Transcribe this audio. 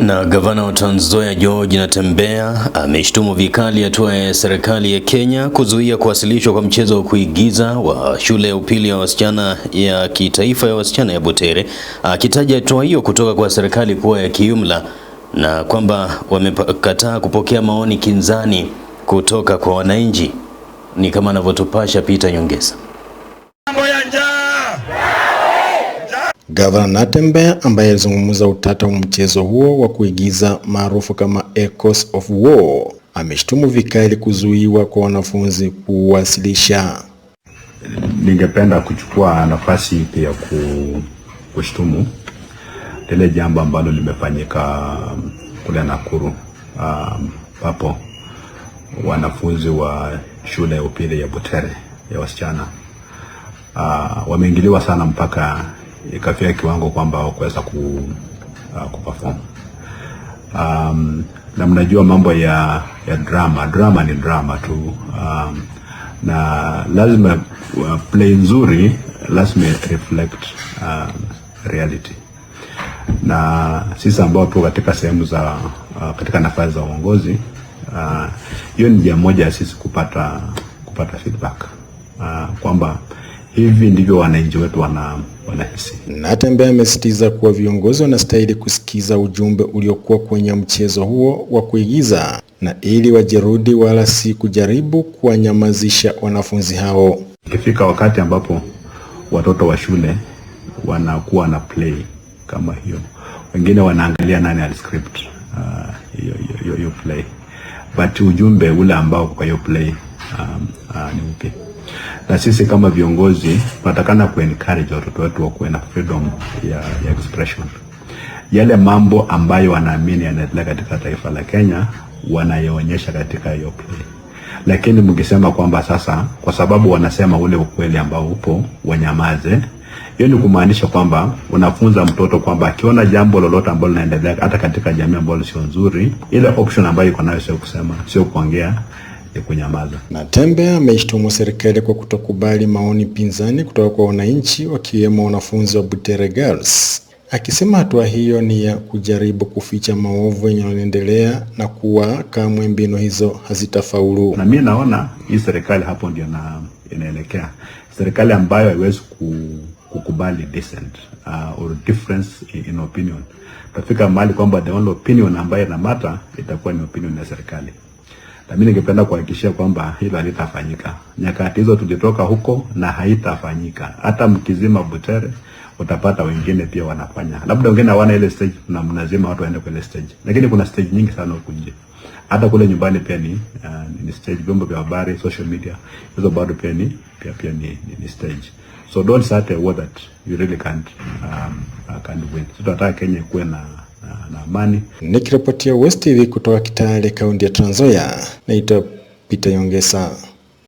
Na gavana wa Trans Nzoia George Natembeya ameshtumu vikali hatua ya serikali ya Kenya kuzuia kuwasilishwa kwa mchezo wa kuigiza wa shule ya upili ya wasichana ya kitaifa ya wasichana ya Butere, akitaja hatua hiyo kutoka kwa serikali kuwa ya kiumla na kwamba wamekataa kupokea maoni kinzani kutoka kwa wananchi. Ni kama anavyotupasha Peter Nyongesa. Gavana Natembeya ambaye alizungumza utata wa mchezo huo wa kuigiza maarufu kama Echoes of War ameshtumu vikali kuzuiwa kwa wanafunzi kuwasilisha. Ningependa kuchukua nafasi pia ku, kushtumu lile jambo ambalo limefanyika kule Nakuru um, ambapo um, wanafunzi wa shule ya upili ya Butere ya wasichana uh, wameingiliwa sana mpaka ikafia kiwango kwamba hawakuweza ku, uh, kuperform. Um, na mnajua mambo ya ya drama, drama ni drama tu. Um, na lazima uh, play nzuri lazima reflect uh, reality na sisi ambao tuko katika sehemu za uh, katika nafasi za uongozi uh, hiyo, uh, ni njia moja ya sisi kupata kupata feedback uh, kwamba Hivi ndivyo wananchi wetu wana wanahisi. Natta ambaye amesisitiza kuwa viongozi wanastahili kusikiza ujumbe uliokuwa kwenye mchezo huo wa kuigiza na ili wajirudi, wala si kujaribu kuwanyamazisha wanafunzi hao. Ikifika wakati ambapo watoto wa shule wanakuwa na play kama hiyo, wengine wanaangalia nani ali script uh, hiyo uh, hiyo play, but ujumbe ule ambao kwa hiyo play um, uh, ni upi? na sisi kama viongozi tunatakana encourage watoto wetu wakuwe na freedom ya, ya expression. Yale mambo ambayo wanaamini yanaendelea katika taifa la Kenya wanayoonyesha katika hiyo play, lakini mkisema kwamba sasa kwa sababu wanasema ule ukweli ambao upo wanyamaze, hiyo ni kumaanisha kwamba unafunza mtoto kwamba akiona jambo lolote ambalo linaendelea hata katika jamii ambalo sio nzuri, ile option ambayo iko nayo sio kusema, sio kuongea ya kunyamaza. Na Tembe ameishtumu serikali kwa kutokubali maoni pinzani kutoka kwa wananchi wakiwemo wanafunzi wa Butere Girls, akisema hatua hiyo ni ya kujaribu kuficha maovu yenye yanaendelea na kuwa kamwe mbinu hizo hazitafaulu. Na mimi naona hii serikali hapo ndio na inaelekea serikali ambayo haiwezi ku, kukubali dissent uh, or difference in, in opinion. Tafika mahali kwamba the only opinion ambayo inamata itakuwa ni opinion ya serikali na mimi ningependa kuhakikishia kwamba hilo halitafanyika. Nyakati hizo tulitoka huko na haitafanyika. Hata mkizima Butere utapata wengine pia wanafanya, labda wengine hawana ile stage na mnazima watu waende kwenye stage, lakini kuna stage nyingi sana huko nje, hata kule nyumbani pia ni, uh, ni stage. Vyombo vya habari, social media, hizo bado pia ni pia pia ni, ni, ni stage. So don't start a war that you really can't um, uh, can't win. So tunataka Kenya kuwe na na, na amani. Nikiripotia West TV kutoka Kitale, kaunti ya Trans Nzoia, naitwa Peter Yongesa.